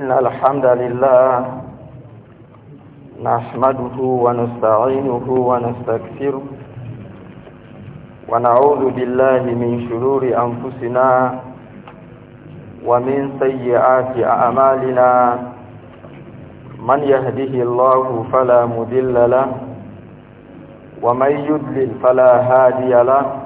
إن الحمد لله نحمده ونستعينه ونستكثره ونعوذ بالله من شرور أنفسنا ومن سيئات أعمالنا من يهده الله فلا مذل له ومن يدلل فلا هادي له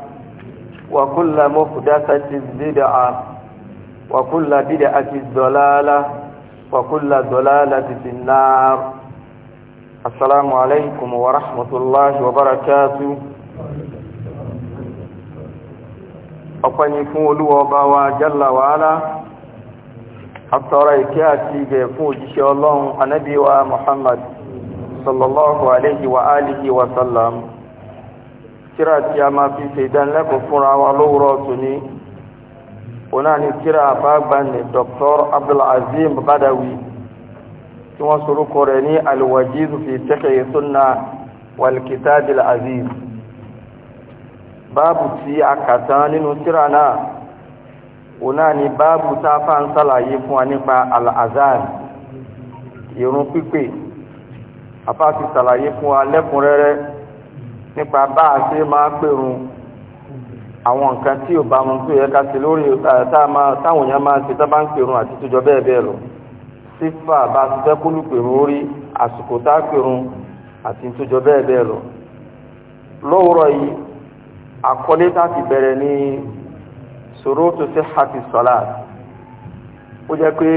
وكل محدثة بدعة وكل بدعة ضلالة وكل ضلالة في النار السلام عليكم ورحمة الله وبركاته أقني فولو وبوا جل وعلا أطرأي كاتي بفوج شاء الله النبي ومحمد صلى الله عليه وآله وسلم tíra tí a máa fi ṣe ìdánilẹ́kọ̀ọ́ fúnra wa lówùrọ̀ tòní ọ̀nà ni tíra àbágbani Dr. Abdulazim Badawi tí wọ́n sorúkọ rẹ̀ ní alwajiz fi tẹ́kẹ̀ sunna walkitabil aziz báàbù tí a kàtà nínú tíra náà ọ̀nà ni báàbù tá a fà ń sàlàyé fún wa nípa al-azan ìrun pípè àfáà ti sàlàyé fún wa lẹ́kùnrẹ́rẹ́ nípa bá a ṣe máa pèrún àwọn nǹkan tí ò bá mu tó yẹ ká ṣe lórí táwọn èèyàn máa ṣe tábà ń pèrún àti tíjọ bẹ́ẹ̀ bẹ́ẹ̀ lọ sífà bá a ti fẹ́ kúlù pèrún orí àsìkò tá a pèrún àti tíjọ bẹ́ẹ̀ bẹ́ẹ̀ lọ. lówùrọ̀ yìí àkọlé tá a ti bẹ̀rẹ̀ ní ṣurutu sihhati salat ó jẹ́ pé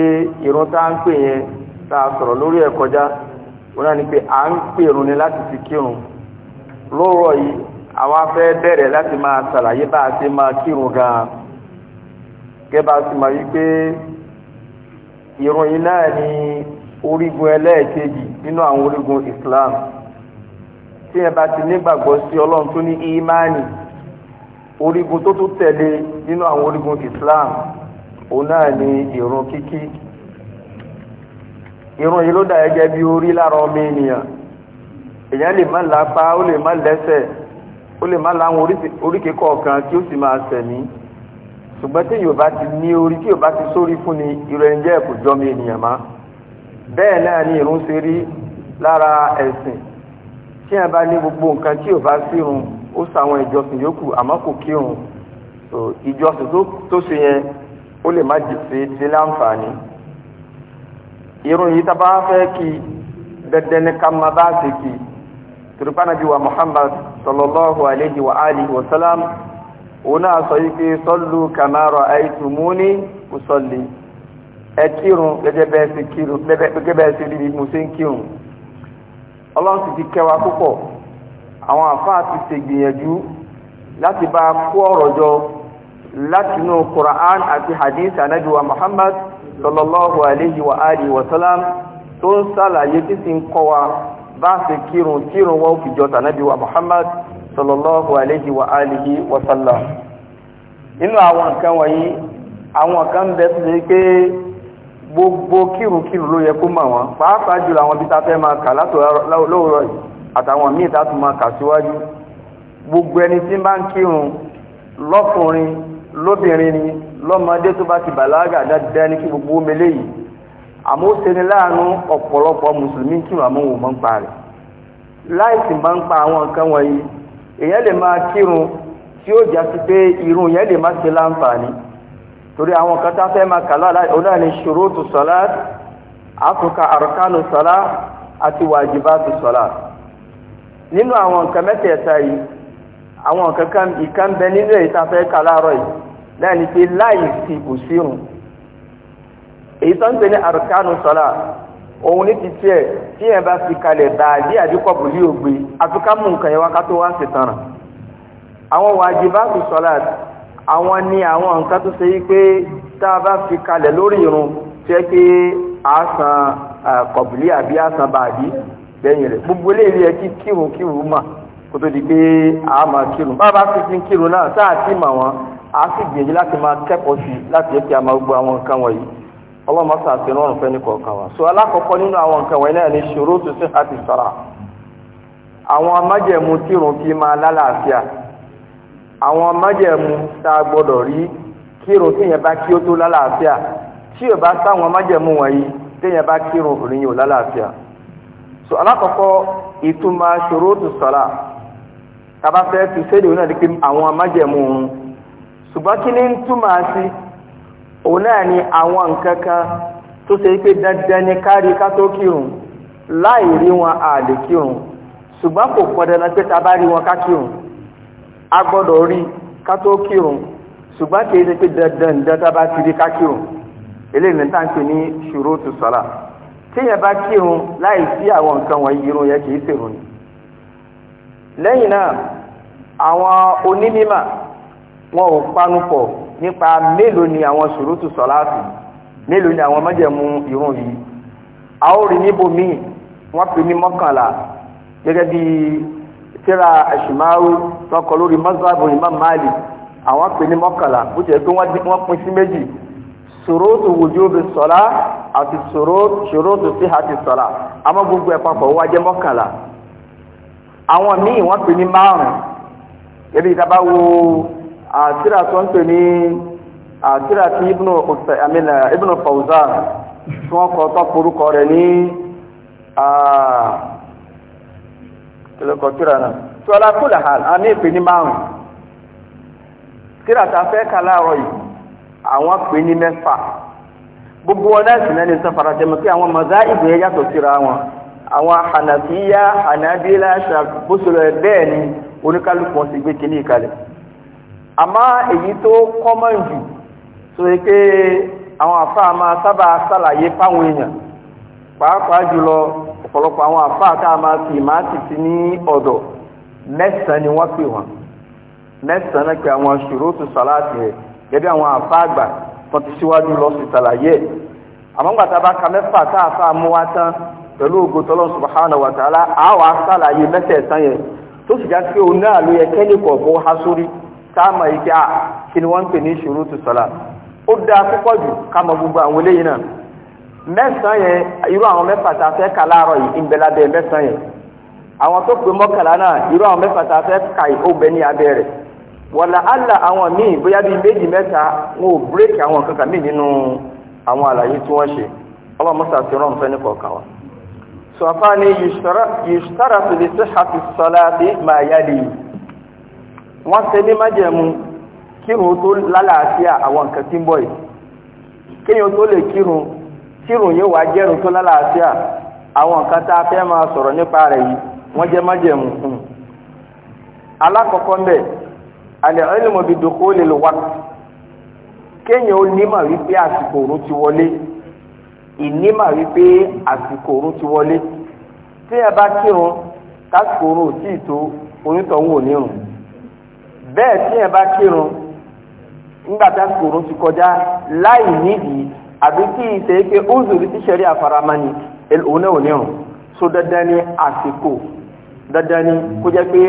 ìrun tá a ń pè yẹn tá a sọ̀rọ̀ lórí ẹ̀ kọjá wọn náà ni pé à ń pèrún ni láti fi kírun lóòrọ̀ yìí àwọn afẹ́ bẹ̀rẹ̀ láti máa ṣàlàyé bá a ti máa kírun gan kẹba sì máa wípé ìrun náà ni orígun ẹlẹ́ẹ̀kejì nínú àwọn orígun Islam tí ẹ bá ti nígbàgbọ́ sí ọlọ́run tó ní ìmánì orígun tó tún tẹ̀lé nínú àwọn orígun Islam òun náà ni ìrun kíkí ìrun yìí ló dà gẹ́gẹ́ bí orí lára ọmọ ènìyàn èyàn lè má lápá ó lè má lẹ́sẹ̀ ó lè má láwọn oríkè kọ̀ọ̀kan kí ó sì máa sẹ̀mí ṣùgbọ́n tí yóò bá ti ní orí tí yóò bá ti sórí fún ni ìrẹ̀ǹjẹ́ kò jọmi ènìyàn má bẹ́ẹ̀ náà ni ìrun ṣe rí lára ẹ̀sìn tí a bá ní gbogbo nǹkan tí yóò bá sírun ó sàwọn ìjọsìn yòókù àmọ́ kò kírun ìjọsìn tó ṣe yẹn ó lè má jìṣe ṣe láǹfààní ìrun yìí tá bá fẹ́ kí dandan ní ká má bá ṣe tùrùpá nàbí wa Muhammad sallallahu alayhi wa alihi wa salam òun náà sọ yí pé sallu kama ra'aytumuni usalli ẹ kírun gẹ́gẹ́ bẹ́ẹ̀ sí kírun gẹ́gẹ́ bẹ́ẹ̀ sí rí mo sí ń kírun ọlọ́run sì ti kẹwàá púpọ̀ àwọn àfáà ti ṣègbìyànjú láti bá kó ọ̀rọ̀ jọ láti inú Qur'an àti hadith anabi wa Muhammad sallallahu alayhi wa alihi wa salam tó ń sàlàyé tí sì wa bá kiru kiru kírun wọn fi jọ tànábì wa muhammad sallallahu alayhi wa alihi wa sallam nínú àwọn nǹkan wọ̀nyí àwọn kan bẹ tó ṣe gbogbo kírùkírù ló yẹ kó mọ̀ wọn pàápàá jùlọ àwọn bí ta fẹ́ máa kà látòlóòrọ̀ yìí àtàwọn míì ta tún máa kà síwájú gbogbo ẹni tí bá ń kírun lọ́kùnrin lóbìnrin ni lọ́mọdé tó bá ti balaga dáadáa ní gbogbo omi àmọ́ ó ṣeni láàánú ọ̀pọ̀lọpọ̀ mùsùlùmí kí wọ́n àwọn òmọ́ ń pa rẹ̀ láìsí máa ń pa àwọn nǹkan wọ̀nyí èyàn lè máa kírun tí ó já sí pé irun yẹn lè má ṣe láǹfààní torí àwọn kan tá fẹ́ máa kàlá ọ̀dà ní ṣurutu salat àtúnkà arkanu salat àti wajibatu salat nínú àwọn nǹkan mẹ́tẹ̀ẹ̀ta yìí àwọn nǹkan kan ìkan bẹ nínú èyí tá fẹ́ kàlá rọ̀ yìí láì ní pé láìsí kò sírun èyí tó ń pè ní àrùkánù sọ́lá òun ní ti tiẹ̀ tí ẹ̀ bá fi kalẹ̀ dàbí àdíkọ̀bù lé ògbé àtúká mú nǹkan yẹn wá ká tó wá sí tanràn àwọn wàjibátù sọ́lá àwọn ni àwọn nǹkan tó ṣe wípé tá a bá fi kalẹ̀ lórí irun tí ẹ pé àásán kọ̀bùlé àbí àásán bàbí lẹ́yìn rẹ̀ gbogbo eléyìí ẹ kí kírun kírun mà kó tó di pé a máa kírun bá a bá fi fi kírun náà sáà tí mà wọn a sì gbìyànjú láti máa kẹ́kọ̀ọ́ sí láti yẹ kí a máa gbọ́ àwọn nǹkan wọ̀nyí ọlọ́run máa sàṣẹ lọ́rùn fẹ́ ní kọ̀ọ̀kan wa so alákọ̀ọ́kọ́ nínú àwọn nǹkan wọ̀nyí náà ni ṣòro tó sí àti sọ́ra àwọn amájẹ̀mú tírun fi máa lálàáfíà àwọn amájẹ̀mú tá a gbọ́dọ̀ rí kírun téèyàn bá kí ó tó lálàáfíà tí ò bá sáwọn amájẹ̀mú wọ̀nyí téèyàn bá kírun obìnrin yìí lálàáfíà so alákọ̀ọ́kọ́ ìtumọ̀ ṣòro tó sọ́ra tá a bá fẹ́ fi sédèwé náà di pé òun náà ni àwọn nǹkan kan tó ṣe pé dandan ni kárí ká tó kírun láì rí wọn a lè kírun ṣùgbọ́n kò pọn dandan pé ta bá rí wọn ká kírun a gbọ́dọ̀ rí ká tó kírun ṣùgbọ́n kì í ṣe pé dandan dandan tá bá ti rí ká kírun eléyìí ní táǹkì ní ṣùrútù sọ́lá tíyẹn bá kírun láì sí àwọn nǹkan wọ̀nyí irun yẹn kì í ṣèrun ni lẹ́yìn náà àwọn onímímà wọn ò panu pọ̀ nípa mélòó ni àwọn ṣùrútù sọ̀láàtì mélòó ni àwọn májẹ̀mú ìrun yìí a ó rí níbo míì wọ́n pè ní mọ́kànlá gẹ́gẹ́ bí tíra àṣìmáwó tọkọ lórí mọ́sáàbù Imam Malik àwọn pè ní mọ́kànlá bó ṣe pé wọ́n pín sí méjì ṣùrútù wùjúbi sọ̀lá àti ṣùrútù síhàtì sọ̀lá àmọ́ gbogbo ẹ̀ papọ̀ wá jẹ́ mọ́kànlá àwọn míì wọ́n pè ní márùn-ún gẹ́gẹ́ bí ìta a tírà tó pe ni a tírà tí ibn uh, Fawzan tí wọ́n kọ́ tó rẹ̀ ní kílọ̀kọ̀ náà tí ọlá ní ní márùn a fẹ́ kà yìí àwọn pè ní mẹ́fà gbogbo wọn náà ní sọ́fara jẹmọ́ pé àwọn mọ̀zá ìbò yàtọ̀ síra wọn àmọ́ èyí tó kọ́mọ̀n jù tó yẹ pé àwọn àfáà máa sábà sàlàyé fáwọn èèyàn pàápàá jùlọ ọ̀pọ̀lọpọ̀ àwọn àfáà tá a máa fi ní ọ̀dọ̀ mẹ́sàn ni wọ́n pè wọ́n mẹ́sàn-án pé àwọn ṣùrútù sàláàtì rẹ̀ gẹ́gẹ́ àwọn àfáà àgbà tó ti síwájú lọ sí sàlàyé ẹ̀ àmọ́ ńgbà tá a bá ka mẹ́fà tá a fà mú wa tán pẹ̀lú ògo táàmà yìí kí a kí ni wọ́n ń pè ní ṣurutu sọ́lá ó dáa púpọ̀ jù ká mọ gbogbo àwọn eléyìí náà mẹ́sàn-án yẹn irú àwọn mẹ́fà tá a fẹ́ kà láàárọ̀ yìí ń bẹ lábẹ́ mẹ́sàn-án yẹn àwọn tó pè mọ́kànlá náà irú àwọn mẹ́fà tá a fẹ́ kà yìí ó bẹ ní abẹ́ rẹ̀ wọ̀là àlà àwọn míì bóyá bíi méjì mẹ́ta wọn ò bírèkì àwọn kankan míì nínú àwọn àlàyé tí wọ́n ṣe ọba musa ti rán fẹ́ nípa ọ̀kan wa. sọ̀fà ni yustaratu li sihhati salati ma yali yìí wọ́n ṣe ní májẹ̀mú kírun tó lálàáfíà àwọn nǹkan tí ń bọ̀ yìí kéèyàn tó lè kírun kírun yóò wá jẹ́rùn tó lálàáfíà àwọn nǹkan tá a fẹ́ máa sọ̀rọ̀ nípa rẹ̀ yìí wọ́n jẹ́ májẹ̀mú fún un alákọ̀ọ́kọ́ mbẹ̀ alẹ́ ẹlẹ́mọ̀ bíi dòkó lè lò wá kéèyàn ó nímọ̀ wípé àsìkò òru ti wọlé ìnímọ̀ wípé àsìkò òru ti wọlé tí ẹ bá kírun tásìkò òru ò tíì tó onítọ̀hún ò ní rùn bẹ́ẹ̀ tí ẹ bá kírun ńgbàtà kòrò ti kọjá láì nídìí àbí kí ìṣe uzuri ti ṣẹ̀rí àfaramani òun náà nírun so dandan ni àsìkò dandan ni kó jẹ́ pé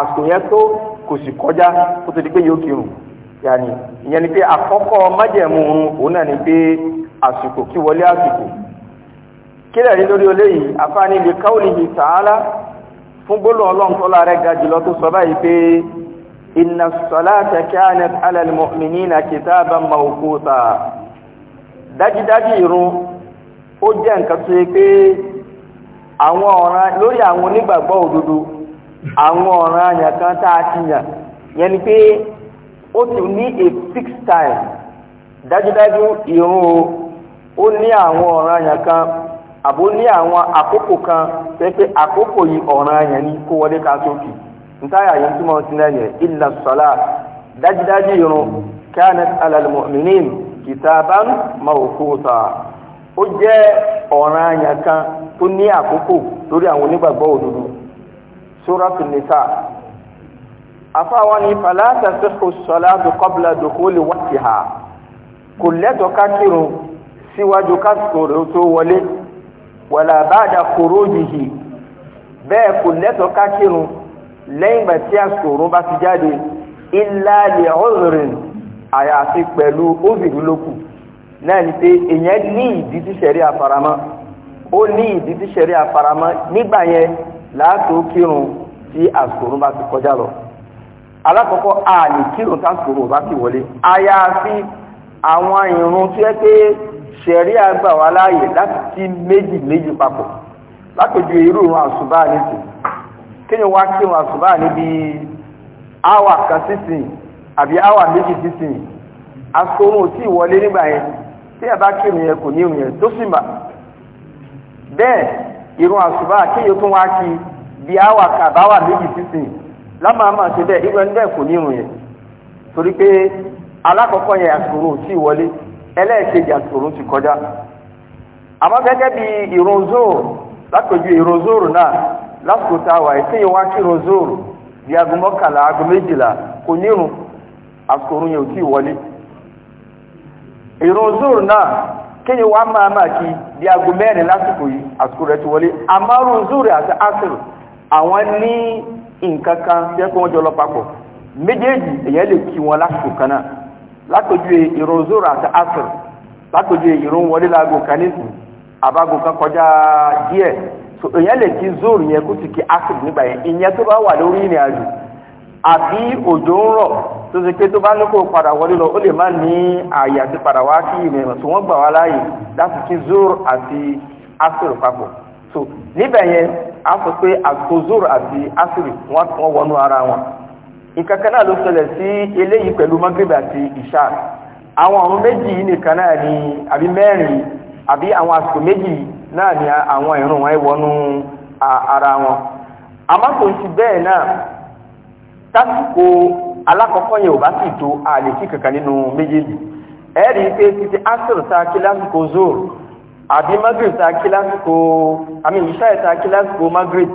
àsìkò yẹn tó kò sì kọjá kó tó di pé yóò kírun yàní ìyẹn ni pé àkọ́kọ́ májẹ̀mú òun náà ni pé àsìkò kí wọlé àsìkò kílẹ̀ ní lórí olé yìí afáàní lè yìí tààlà fún gbólóhùn ọlọ́run inna salata kanat ala almu'minina kitaban mawquta daji daji ru o ji nkan so pe awon ora lori awon nigbagbo ododo awon ora yan kan ta tiya yen pe o ti ni a fixed time daji daji iru o ni awon ora yan kan abo ni awon akoko kan se pe akoko yi ora yan ni ko wole ka soki ntaya yìí túmọ̀ sí náà yẹ illa sọlá dájúdájú irun kanat alal mu'minin kitaban mawquta ó jẹ́ ọ̀ràn àyàn kan tó ní àkókò lórí àwọn onígbàgbọ́ òdodo suratu nisa afáwọn ni fala tasihhu salatu qabla dukhuli waqtiha kò lẹ́tọ̀ọ́ ká kírun síwájú kásìkò wala ba'da khurujihi bẹ́ẹ̀ kò lẹ́tọ̀ọ́ lẹ́yìn ìgbà tí àsìkò òrùn bá ti jáde illa li uzrin àyàfi pẹ̀lú òfìrí lókù náà ni pé èèyàn ní ìdí tí ṣẹ̀rí àfaramọ́ ó ní ìdí tí ṣẹ̀rí àfaramọ́ nígbà yẹn láàtò kírun tí àsìkò òrùn bá ti kọjá lọ alákọ̀ọ́kọ́ a lè kírun tásìkò òrùn bá ti wọlé àyàfi àwọn ìrun tí ẹ pé ṣẹ̀rí àgbà wà láàyè láti kí méjì méjì papọ̀ lápèjú irú ìrun àsùbá nìtì kéèyàn wá kí wọn àsùbá níbi áwà kan sísìn àbí áwà méjì sísìn àsìkò tí wọlé nígbà yẹn tí ẹ kí ìrìn kò ní ìrìn tó sì mà bẹ́ẹ̀ ìrun àsùbá kéèyàn tún wá kí bí áwà kan méjì sísìn lámàmà ṣe bẹ́ẹ̀ ìgbà ti kọjá àmọ́ gẹ́gẹ́ bí ìrun zoro ìrun lásìkò taa a wà yìí téèyàn wá di aago mọ́kànlá aago méjìlá kò nírun àsìkò yẹn ò tí ì wọlé ìrun náà kéèyàn wá máa máa kí di aago mẹ́rin lásìkò yìí rẹ̀ ti wọlé àmárùn zoro àti asiru àwọn ní nǹkan kan tí wọn lásìkò kan náà àti kan kan kọjá díẹ̀ èèyàn lè kí zoro yẹn kó sì kí asib nígbà yẹn ìyẹn tó bá wà lórí ìrìn àjò àbí òjò ń rọ̀ tó ṣe pé tó bá ní kó padà wọlé lọ ó lè má ní àyè àti padà wá kí ìrìn àjò wọ́n gbà wá láàyè láti kí zoro àti asib papọ̀ so níbẹ̀ yẹn a sọ pé àsìkò zoro àti asib wọ́n wọnú ara wọn ìkankan náà ló ṣẹlẹ̀ sí eléyìí pẹ̀lú magrib àti ìṣá àwọn ọ̀run méjì nìkan náà ni àbí mẹ́rin àbí àwọn àsìkò méjì yìí náà ni àwọn ìrun wọn wọnú ara wọn àmọ́ kò sí bẹ́ẹ̀ náà tásìkò alákọ̀ọ́kọ́ yẹn ò bá sì tó àlè sí kankan nínú méjèèjì ẹ̀rí pé títí asr ta kí lásìkò zoro àbí magrib ta kí lásìkò àmì ìṣá ta kí lásìkò magrib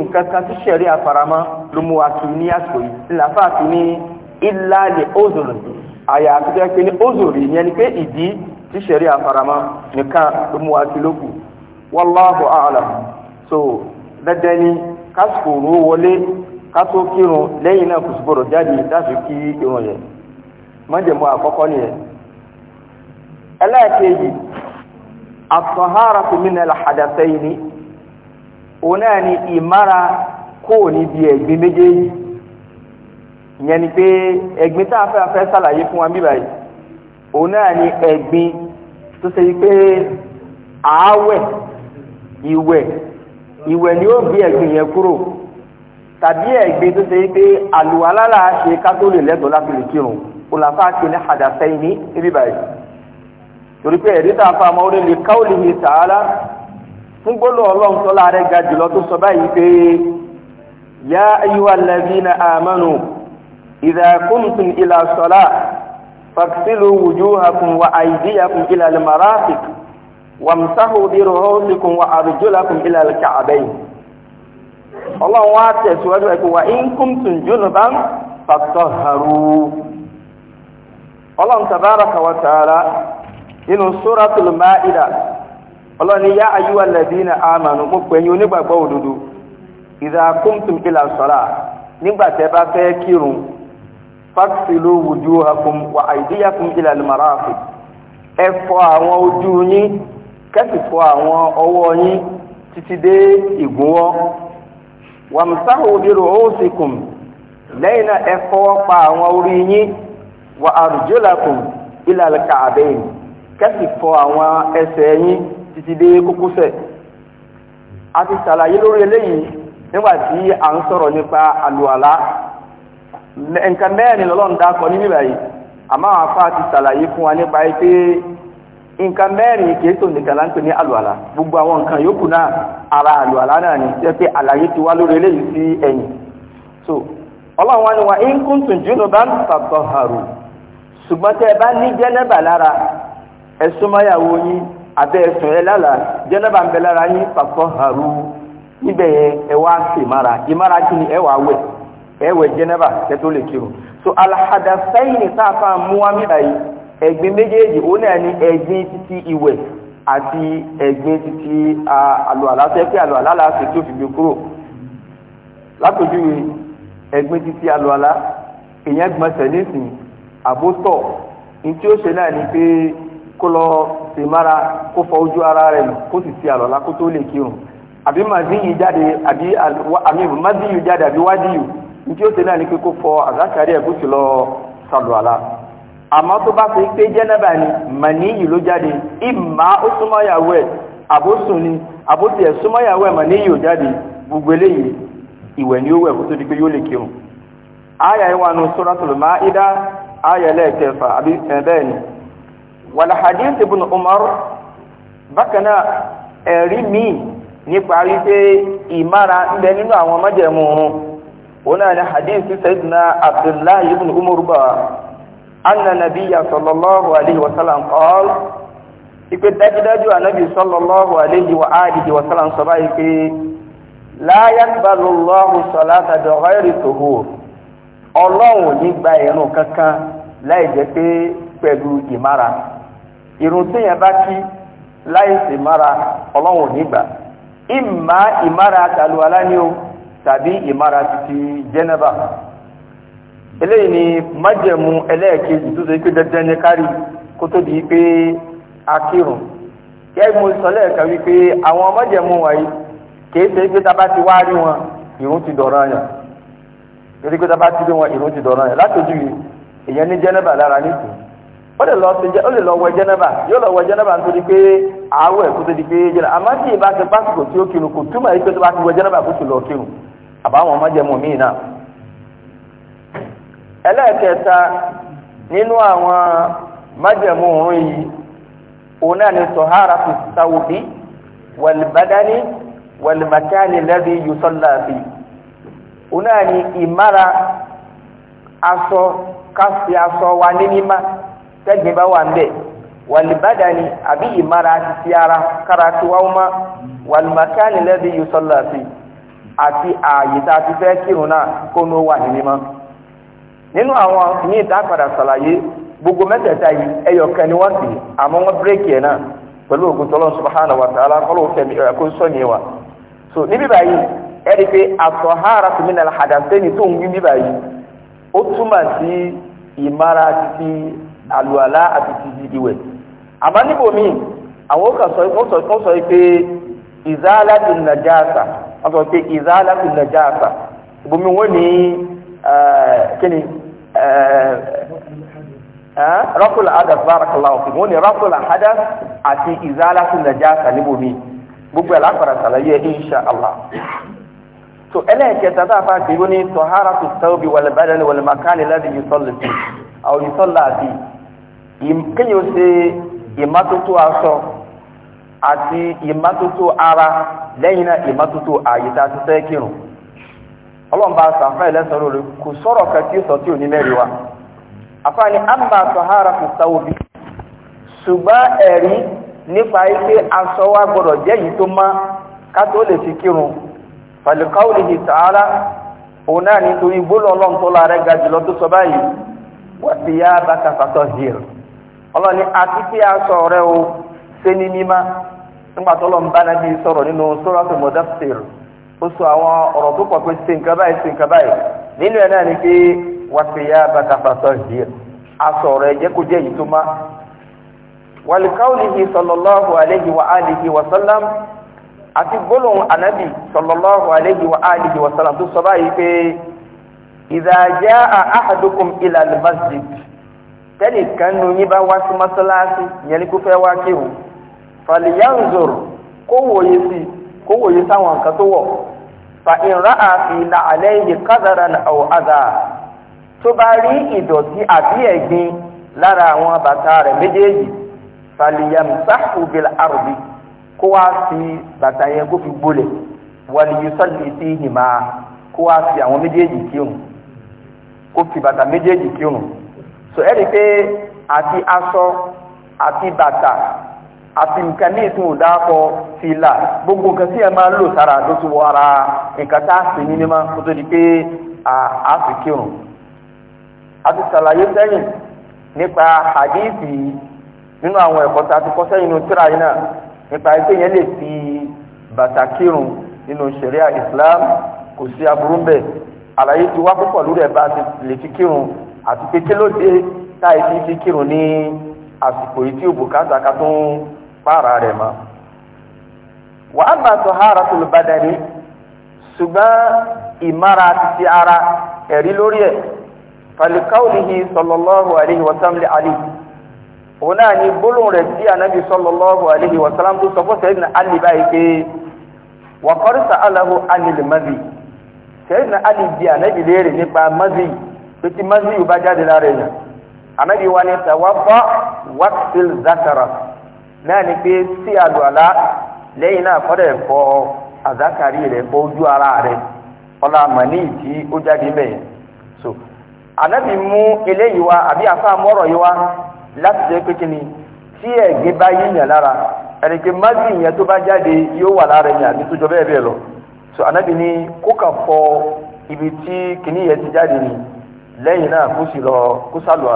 nǹkan kan tí ṣẹ̀rí àfaramọ́ ló mú wa kí ní àsìkò yìí làfáà kí ní ìlàlẹ̀ ozoro àyà àti pé ní ozoro ìyẹn ni pé ìdí tí sẹ̀rí àfaramọ́ nìkan ló mú wa sí lókù wallahu a'lam so dandan ni kásìkò òun wọlé kátó kírun lẹ́yìn náà kò sì gbọdọ̀ jáde láti kí irun yẹn mọ́jẹ̀mú àkọ́kọ́ nìyẹn ẹlẹ́ẹ̀kejì at-taharatu min al-hadathaini òun náà ni ìmára kò ní bí ẹ̀gbin méjèèjì ìyẹn ni pé ẹ̀gbin tá a fẹ́ fẹ́ sàlàyé fún wa bíbáyìí òun náà ni ẹ̀gbin tó ṣe pé àáwẹ̀ ìwẹ̀ ìwẹ̀ ni ó bí ẹ̀gbin yẹn kúrò tàbí ẹ̀gbin tó ṣe pé àlùwàlá la ṣe ká tó lè lẹ́tọ̀ọ́ láti lè kírun kò láfa ṣe ní àdàfẹ́ ní níbí báyìí torí pé ẹ̀rí tá a fa ọmọ orílẹ̀ káwọ́lì yìí tààlà fún gbólóhùn ọlọ́run tó láàrẹ ga jùlọ tó sọ báyìí pé yá ayúwa lẹ́bí na àmánu ìdàkùnkùn ìlà فاغسلوا وجوهكم وأيديكم إلى المرافق وامسحوا برؤوسكم وأرجلكم إلى الكعبين الله واتس وجهكم وإن كنتم جنبا فطهروا الله تبارك وتعالى إن سورة المائدة الله يا أيها الذين آمنوا مكوين ينبقوا ودودو إذا كنتم إلى الصلاة نبقى تبقى كيرون fàkìlú wujuhakum wà aydiyakum ila al-marafiq ẹ fọ àwọn ojú yín kẹ́sì fọ àwọn ọwọ́ yín títí dé ìgúnwọ́ wàmsáhù bi ru'usikum lẹ́yìn náà ẹ fọwọ́ pa àwọn orí yín wà arjulakum ila al-ka'bayn kẹ́sì fọ àwọn ẹsẹ̀ yín títí dé kókósẹ̀ a ti ṣàlàyé lórí eléyìí nígbà à ń sọ̀rọ̀ nípa àlùwàlá nǹkan mẹ́rin lọ́lọ́run dákọ ní bíbáyìí àmọ́ àwọn afá ti ṣàlàyé fún wa nípa pé nǹkan mẹ́rin kìí tó nìkan láńpẹ ní gbogbo àwọn nǹkan yòókù náà ara àlùwàlà náà ni jẹ́ pé àlàyé ti wá lórí eléyìí sí ẹ̀yìn so ọlọ́run wa ni wa in kuntum junuban fatahharu ṣùgbọ́n tẹ́ ẹ bá ní jẹ́nẹ́bà lára ẹ̀sùn máyàwó yín ẹ̀sùn ẹ jẹ́nẹ́bà ń bẹ lára yín níbẹ̀ yẹn ẹ wá ṣèmára ìmára kí ni ẹ ẹ̀wẹ̀ jẹ́nẹ́bà tẹ́ lè kírun so alhadasẹ́yìn tààfà muhammadu yìí ẹ̀gbin méjèèjì ó náà ní ẹ̀gbin títí ìwẹ̀ àti ẹ̀gbin títí àlùàlá tẹ́ pé àlùàlá láti tó fi gbé kúrò látòjúwe ẹ̀gbin títí àlùàlá èèyàn gbọ̀nsẹ̀ nísìnyí àbótọ̀ ní tí ó ṣe náà ni pé kó lọ sì mára kó fọ ojú ara rẹ̀ nù kó sì ti àlùàlá kó tó lè kírun àbí màdíyì jáde àbí àmì màdíyì jáde àbí wádìyì nke o ti náà ní fọ àzákàrí ẹ̀ lọ tó bá fi pé ni màníyì ló jáde ìmá ó súnmọ́ ìyàwó ẹ̀ àbósùn ni àbótí ẹ̀ súnmọ́ jáde gbogbo eléyìí ìwẹ̀ ni di yóò aya yìí wà nù Suratul Maida aya lẹ́ẹ̀kẹfà àbí bẹ́ẹ̀ ni wàlá hadith ibn Umar bákan náà ẹ̀rí nípa wípé ń هنا لحديث سيدنا عبد الله بن عمر أن النبي صلى الله عليه وسلم قال ipe dájúdájú ànábì sallallahu alayhi wa alihi wa sallam sọ báyìí pé la yaqbalu Allahu salata bi ghayri tuhur ọlọ́run ò ní gba ìrun kankan láì jẹ́ pé pẹ̀lú ìmára ìrun téèyàn bá kí láì sí mára ọlọ́run ò ní gbà ìmá ìmára tàlùwàlá ni tàbí ìmára ti jẹ́nẹ́bà eléyìí ni májẹ̀mú ẹlẹ́ẹ̀kejì tó ṣe pé dandan ní kárí kó tó di pé a kírun kẹ́gbẹ́ mo sọ lẹ́ẹ̀kan wípé àwọn májẹ̀mú wọ̀nyí kìí ṣe pé tá bá ti wá rí wọn ìrun ti dọ̀ràn yàn torí pé tá bá ti rí wọn ìrun ti dọ̀ràn yàn látòjú yìí èèyàn ní jẹ́nẹ́bà lára nìkan ó lè lọ sí jẹ ó lè lọ wẹ jẹnẹba yóò lọ wẹ jẹnẹba nítorí pé àwẹ̀ kó tó di pé jẹnẹba àmọ́ tí ìbá ti pásítọ̀ tí ó kírun kò túmọ̀ yìí pé tó bá ti wẹ jẹnẹba kó tó lọ kírun àbáwọn májẹ̀mú míì náà ẹlẹ́ẹ̀kẹta nínú àwọn májẹ̀mú òun yìí òun náà ni sọ̀hárà fi sàwùdí wàlìbádání wàlìmàkáni lẹ́bí yusọ́láàbí òun náà ni ìmára aṣọ káfí aṣọ wa ní mímá tẹ́gbìn bá wà ń bẹ̀ wàlìbádání àbí ìmára ti ti ara kára tiwáwọ́ mọ́ wàlìmàkáni lẹ́bí yusọ́láàbí àti ààyè tá a ti fẹ́ kírun náà kó ní ó wà ní mímọ́ nínú àwọn míì tá a padà ṣàlàyé gbogbo mẹ́tẹ̀ẹ̀ta yìí ẹyọ kan ni wọ́n sì àmọ́ wọ́n bírèkì ẹ̀ náà pẹ̀lú ògùn tọ́lọ́ subahana wa ta'ala kọ́lọ́ fẹ̀mí ẹ̀ kó sọ nìyẹn wa so níbí báyìí ẹ rí i pé àtọ̀hárà tó mi nàlẹ́ àdàsẹ́ni tó ń wí bí báyìí ó túmọ̀ sí ìmára títí àlùalá àti títí ìwẹ̀ àmọ́ níbòmíì àwọn ó kà sọ ó sọ pé nàjà àṣà wọ́n sọ pé ìzálàtù nàjàsà ìbomi wọ́n ní kíni rọ́pùlà hadas barakallahu fi wọ́n ní rọ́pùlà hadas àti ìzálàtù nàjàsà níbomi gbogbo ẹ̀ lápàdà sàlàyé insha allah so ẹlẹ́ẹ̀kẹta tá a fa kìí ní tọ́hárà tó tẹ́wọ́bì wal badani wal makani láti yusọ́lì sí àwọn yusọ́lì àti kéèyàn ṣe ìmọ́tótó aṣọ àti ìmọ́tótó ara lẹ́yìn náà ìmọ́tótó a ti fẹ́ kírun ọlọ́run bá sàǹfà ìlẹ́sọ̀ kò sọ̀rọ̀ kan sọ tí ò ní mẹ́rin wa àfààní àmà bí ẹ̀rí nípa ike wa gbọ́dọ̀ jẹ́ yìí tó má ká lè fi kírun fàlùkáwùlì ta'ala ga nígbà tó lọ́n bá nàbí sọ̀rọ̀ nínú suratul mudaththir ó sọ àwọn ọ̀rọ̀ tó pọ̀ pé ṣe nǹkan báyìí ṣe nǹkan báyìí nínú ẹ̀ náà ni pé wasiyabaka fatahhir aṣọ rẹ̀ jẹ́ kó jẹ́ yìí tó má. wa li qawlihi sallallahu alayhi wa alihi wa sallam àti gbólóhùn ànábì sallallahu alayhi wa alihi wa sallam tó sọ fàlìyànzòr kó wòye sí kó wòye sáwọn nǹkan tó wọ̀ fa ìrà àfi na alẹ́ yìí kádàrà na ọ̀hádà tó bá rí ìdọ̀tí àbí ẹ̀gbin lára àwọn bàtà rẹ̀ méjèèjì fàlìyànsáfù bìlà àrùbí kó wá fi bàtà yẹn kó fi gbólẹ̀ wàlìyí sọ́lì sí ìhìmá kó wá fi àwọn méjèèjì kírun kó fi bàtà méjèèjì kírun so ẹ̀rí pé àti aṣọ àti bàtà àti nǹkan ní ìtún ìdáàkọ fìlà gbogbo nǹkan sí ẹ máa ń lò sára tó ti wọ ara nǹkan tá a sì ní mímọ́ kó tó di pé a kírun a ti ṣàlàyé sẹ́yìn nípa hadithi nínú àwọn ẹ̀kọ́ tá a ti kọ́ sẹ́yìn nínú tíra yìí náà nípa ẹgbẹ́ yẹn lè fi bàtà kírun nínú ṣẹ̀ríà Islam kò sí aburú ń bẹ̀ àlàyé ti wá púpọ̀ lórí ẹ̀ bá ti lè fi kírun àti pé kí ló dé táyì fi fi kírun ní àsìkò yìí tí òbúkátà ká tún Para rẹ̀ mọ́. wà á máa tọ́hárà tó lè bá dání ṣùgbọ́n ìmára ti ara ẹ̀rí lórí ẹ̀ falikaulihi sallallahu alaihi wasallam li ali òun náà ni gbólóhùn rẹ̀ tí anabi sallallahu alaihi wasallam tó sọ fún sẹ́yìn ali báyìí pé wà kọ́rìsà aláhu anil mazi sẹ́yìn ali bí anabi léèrè nípa mazi pé tí mazi yóò bá jáde lára ẹ̀yàn anabi wa ni tàwa fọ́ wàkìl zakara náà ni pé sí àlùalá lẹ́yìn náà kọ́dẹ̀ fọ àzákàrí rẹ̀ fọ ojú ara rẹ̀ ọlá màní ó jáde so ànábì mú eléyìí wá àbí afáàmọ́rọ̀ yìí wá láti jẹ́ pé ni tí ẹ̀gbẹ́ bá yíyàn lára ẹni pé mágì yẹn tó bá jáde yóò wà lára yẹn àbí lọ so kó fọ ibi tí kìnìyẹn ti jáde ni lẹ́yìn náà kó lọ kó sálù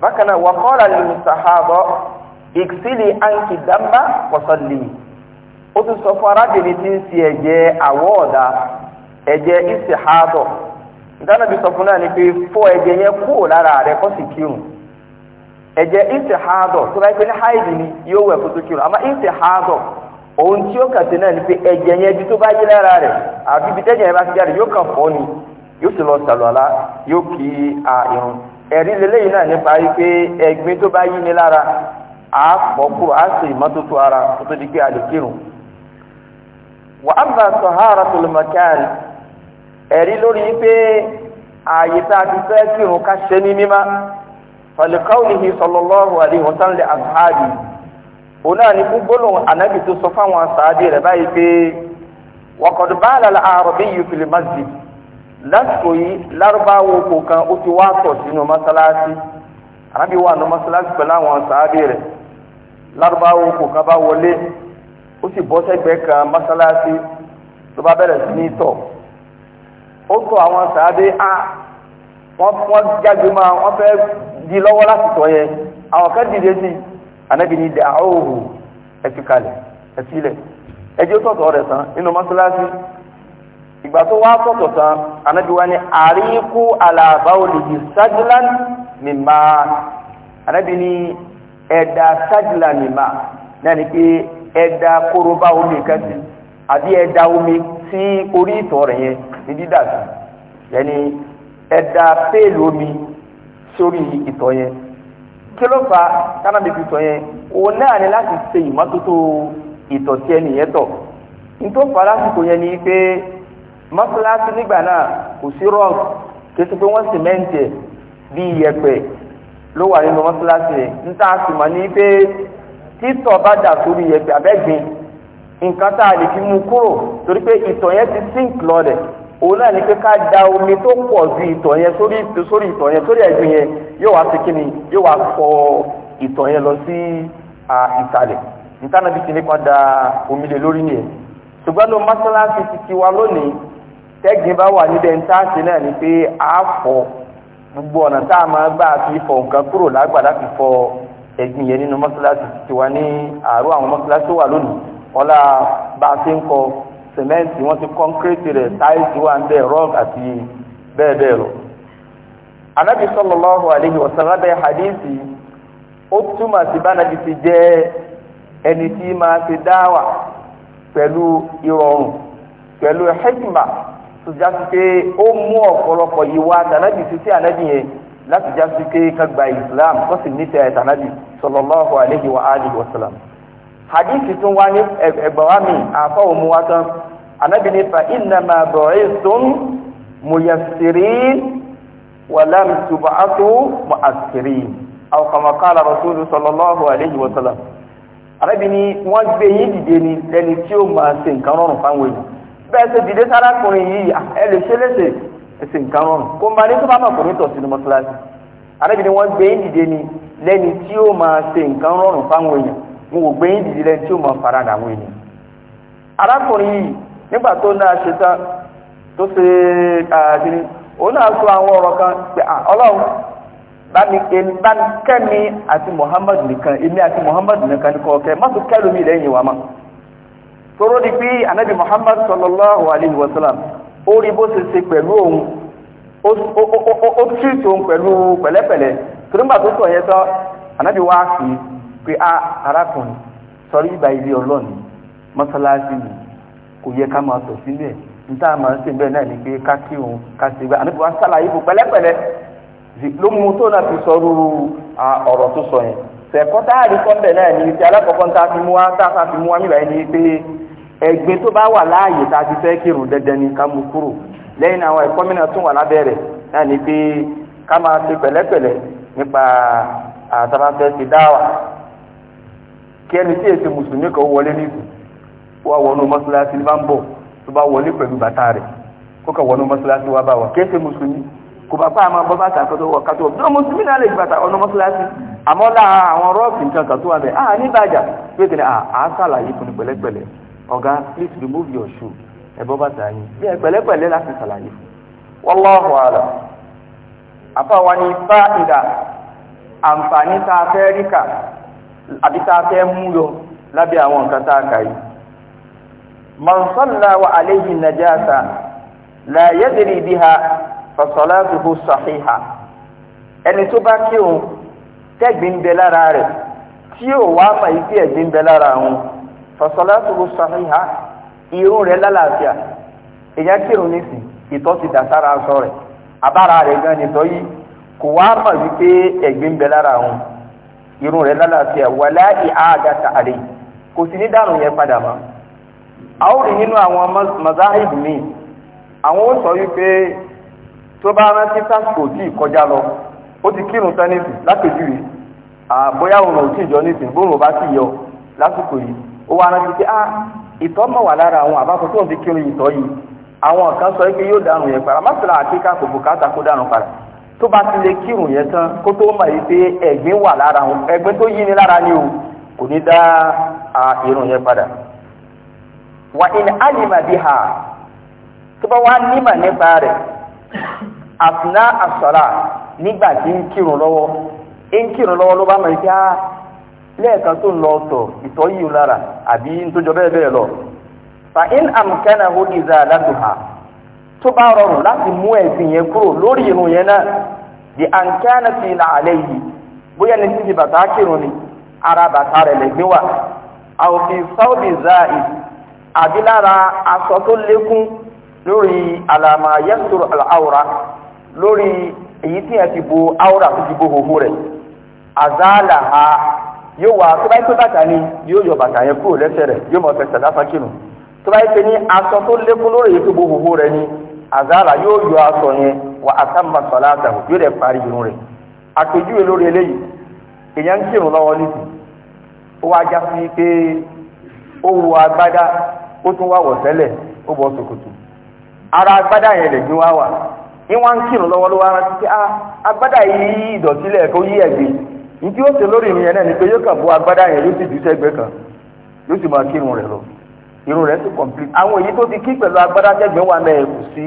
bákan náà wàkọ́ra lè sàhábọ̀ anki àǹkì dámbà pọ̀sọ́lì ó tún sọ fún arábìnrin tí si ṣe ẹ̀jẹ̀ eje ọ̀dà ẹ̀jẹ̀ ìsìhábọ̀ ìdánàbí sọ ni pé fọ ẹ̀jẹ̀ yẹn ku lára rẹ̀ kó sì kírun isi ìsìhábọ̀ to bá ni ni yóò ni pé ẹ̀jẹ̀ yẹn ibi tó bá yí ti jáde yóò kàn fọ́ ni yóò sì lọ sàlọ́lá yóò a irun ẹ̀rí lélẹ́yìn náà nípa wípé ẹ̀gbin tó bá yí lára a fọ̀ kúrò a sì mọ́tótó ara otu tó di pé a lè kírun wà á bá taharatul makan ẹ̀rí lórí pé ààyè tá a ti fẹ́ kírun ká ṣe ní mímá falikawulihi sallallahu alayhi wa sallam asaabi òun náà ní gbólóhùn anabi tó sọ fáwọn asaabi rẹ̀ báyìí pé lásìkò yìí lárúbáwò kò kan ó ti wá tọ̀ sínú mọ́sálásí àbí wà ní mọ́sálásí pẹ̀lú àwọn sàábì rẹ̀ lárúbáwò kò kan bá wọlé ó sì bọ́ sẹ́gbẹ̀ẹ́ kan mọ́sálásí tó bá bẹ̀rẹ̀ sí ní tọ̀ ó tọ̀ àwọn sàábì á wọ́n wọ́n jáde máa wọ́n fẹ́ di lọ́wọ́ láti tọ̀ yẹn àwọn kan dìde sí anábì ní dàáhùn ẹ̀tìkalẹ̀ ẹ̀tìlẹ̀ ẹjọ́ tọ̀tọ̀ rẹ̀ tán nínú mọ́sálásí ìgbà tó wá sọ̀tọ̀ tán anábì wá ní àríkú alábáwòlì yìí sájúlán mímá anábì ní ẹ̀dà sájúlán mímá náà ni pé ẹ̀dà kóróbá omi kan sí àbí ẹ̀dà omi sí orí ìtọ̀ rẹ̀ yẹn ní dídà sí yẹni ẹ̀dà péèlì omi sórí ìtọ̀ yẹn kí ló fa kánábì fi tọ̀ yẹn òun náà ni láti ṣe ìmọ́tótó ìtọ̀ tí ẹnìyẹn tọ̀ nítorí fa lásìkò yẹn ni pé. mọ́sálásí nígbà náà kò sí rọ́ọ̀kì kéṣe pé wọ́n sìmẹ́ǹtì bí iyẹ̀pẹ̀ ló wà nínú mọ́sálásí rẹ̀ níta sì mọ̀ ní pé títọ̀ bá dà sórí iyẹ̀pẹ̀ abẹ́gbin nǹkan tá a lè fi mú kúrò torí ti sink lọ òun náà ni pé da omi tó pọ̀ ju ìtọ̀ yẹn sórí sórí ìtọ̀ yẹn sórí ẹ̀gbin yẹn yóò wá sí kíni yóò wá fọ ìtọ̀ yẹn lọ sí ìsàlẹ̀ wa lónìí tẹ́gbìn bá wà níbẹ̀ ń táàsì náà ni pé àáfọ̀ gbogbo ọ̀nà tá a máa gbà fi fọ nǹkan kúrò lágbàdá fi fọ ẹ̀gbìn yẹn nínú mọ́ṣáláṣí ti wá ní àárọ̀ àwọn mọ́ṣáláṣí wà lónìí ọlá bá a ti ń kọ sìmẹ́ǹtì wọ́n ti kọ́ńkírẹ́tì rẹ̀ táìsì wà ń bẹ̀ rọ́ọ̀k àti bẹ́ẹ̀ bẹ́ẹ̀ lọ. anábì sallallahu alaihi wasallam bẹ́ẹ̀ hadithi ó túmọ̀ sí bánabi ti jẹ́ ẹni tí máa ti dáwà pẹ̀lú ìrọ̀rùn pẹ̀lú hikma tó já sí pé ó mú ọ̀pọ̀lọpọ̀ ìwà tànàbì títí ànábì yẹn láti já sí pé ká gba Islam tó sì nífẹ̀ẹ́ tànàbì sallallahu alaihi wa alihi wa sallam. hadithi tún wá ní ẹgbẹ̀wá mi àfọ́ òmu wá tán ànábì ní fa innama bu'ithtum muyassirin wa lam tub'athu mu'assirin aw kama qala rasuluhu sallallahu alaihi wa sallam. ànábì ní wọ́n gbé yín dìde ní ẹni tí ó máa ṣe nǹkan rọrùn fáwọn èèyàn bẹ́ẹ̀ ṣe dìde sárakùnrin yìí ẹ lè ṣe léṣe ẹsẹ̀ nǹkan rọrùn kó n bá ní tó bá mọ̀ kò ní tọ̀ sínú mọ́ṣáláṣí arábì ni wọ́n gbé dìde ni lẹ́ni tí ó máa ṣe nǹkan rọrùn fáwọn èèyàn mo wò gbé dìde lẹ́ni tí ó máa farada àwọn èèyàn arákùnrin yìí nígbà tó náà ṣe tán tó ṣe àdínní òun náà sọ àwọn ọ̀rọ̀ kan pé ọlọ́run kẹ́mi àti Muhammad nìkan èmi àti nìkan wa máa tọ́rọ́ di pé anabi muhammad sallallahu alayhi wasallam ó rí bó ṣe ṣe pẹ̀lú ohun ó tí tòun pẹ̀lú pẹ̀lẹ́pẹ̀lẹ́ tòrúmbà tó sọ yẹn tán anabi wá sí pé a arákùnrin sọrí ìgbà ilé ọlọ́ọ̀ni mọ́sálásí ni kò yẹ ká máa tọ̀ sílẹ̀ níta máa ń ṣe bẹ́ẹ̀ náà ni pé ká kí òun ká ṣe anabi wá sálàyé pẹ̀lẹ́pẹ̀lẹ́ ló mú tó náà ọ̀rọ̀ tó sọ yẹn ta fi mú ẹ̀gbin tó bá wà láàyè tá a ti fẹ́ kírun dandan ni ká mú kúrò lẹ́yìn àwọn ẹ̀kọ́ mìíràn tún wà lábẹ́rẹ̀ náà ni pé ká máa ṣe pẹ̀lẹ́pẹ̀lẹ́ nípa àtàbàfẹ́ ti dáwà kí ẹni tí èsì mùsùlùmí kan wọlé nìkú wà wọnú mọ́ṣáláṣí bá ń bọ̀ tó bá wọlé pẹ̀lú bàtà rẹ̀ kó kà wọnú mọ́ṣáláṣí wá bá wà kí èsì mùsùlùmí kò bá pàmò bọ́ bàtà kó wọ kátó wọ mùsùlùmí náà lè gbàtà ọ̀nà mọ́ṣáláṣí àmọ́ láà àwọn rọ́ọ̀kì nǹkan kan tó wà bẹ́ẹ̀ à níbàjá pé kìnnì à á sàlàyé pẹ̀lẹ́pẹ̀lẹ́ ọ̀gá please remove your shoe ẹ̀bọ́ bàtà yín bí ẹ pẹ̀lẹ́pẹ̀lẹ́ láti ṣàlàyé wallahu alam àfàwa ní fáìdà àǹfààní tá a fẹ́ ríkà àbí tá a fẹ́ mú yọ lábẹ́ àwọn nǹkan tá a kà yìí man salla wa alayhi najasa la yadri biha fa salatuhu sahiha ẹni tó bá kírun tẹ́gbìn bẹ lára rẹ̀ tí ò wá mọ̀ ìfẹ́ ẹ̀gbìn bẹ lára wọn fasalatuhu sahiha irun rẹ̀ lálàáfíà èyàn kírun nísìn ìtọ̀ ti dà sára aṣọ rẹ̀ abára rẹ̀ gan nìtọ̀ yìí kò wá mọ̀ wípé ẹ̀gbin bẹ lára òun irun rẹ̀ lálàáfíà wàlá ìhàgàtà àlè kò sí ní dànù yẹn padà mọ́ àwọn òrì nínú àwọn mazahib mi àwọn ó sọ wípé tó bá rántí sásìkò tí ìkọjá lọ ó ti kírun tán lápèjúwe àbóyá òun ò tí ìjọ nísìn bóun ò bá sì yọ lásìkò yìí ó wá rántí pé ah ìtọ̀ mọ̀ wà lára àwọn àbáfọ́ tó ń fi kírun ìtọ̀ yìí àwọn kan sọ pé yóò dànù yẹn padà mọ́tòlá àkíkà kò bùkátà kó dànù padà tó bá ti lè kírun yẹn tán kó tó mọ̀ yìí pé ẹ̀gbin wà lára àwọn tó lẹ́ẹ̀kan tó ń lọ tọ̀ ìtọ̀ yìí lára àbí ntójọ bẹ́ẹ̀ bẹ́ẹ̀ lọ. fa in amkana hu iza latuha tó bá rọrùn láti mú ẹ̀sìn yẹn kúrò lórí irun yẹn náà di ankana fi na alẹ́ yìí bóyá ní síbi bàtà kírun ni ara bàtà rẹ̀ lè gbé wà. àwòfin sáwọ́bì záì àbí lára aṣọ tó lékún lórí àlàmà yẹ́sùrù àwòrán lórí èyí tí yẹn ti bo àwòrán tó ti bo hòhò rẹ̀ àzálà ha. yóò wá tó bá yẹ pé bàtà ni yóò yọ bàtà yẹn kúrò lẹ́sẹ̀ rẹ̀ yóò mọ̀ fẹsẹ̀ láfa kírun tó bá yẹ pé ní aṣọ tó lékún lórí yìí tó hoho ni azara yóò yọ aṣọ yẹn wà àtàmbà sọlá àtàwọn yóò dẹ̀ parí irun rẹ̀ àpèjúwe lórí eléyìí èèyàn ń kírun lọ́wọ́ níbi ó wá já ara agbádá yẹn lè gbin wá wà ń kírun pé ah, agbádá yìí nítí ó se lórí irun yẹn náà ni pé yóò kàn bó agbádá yẹn yóò sì jù kan yóò sì máa kí irun rẹ̀ irun rẹ sì complete àwọn èyí tó ti kí pẹ̀lú agbada sẹ́gbẹ́ wà náà kù sí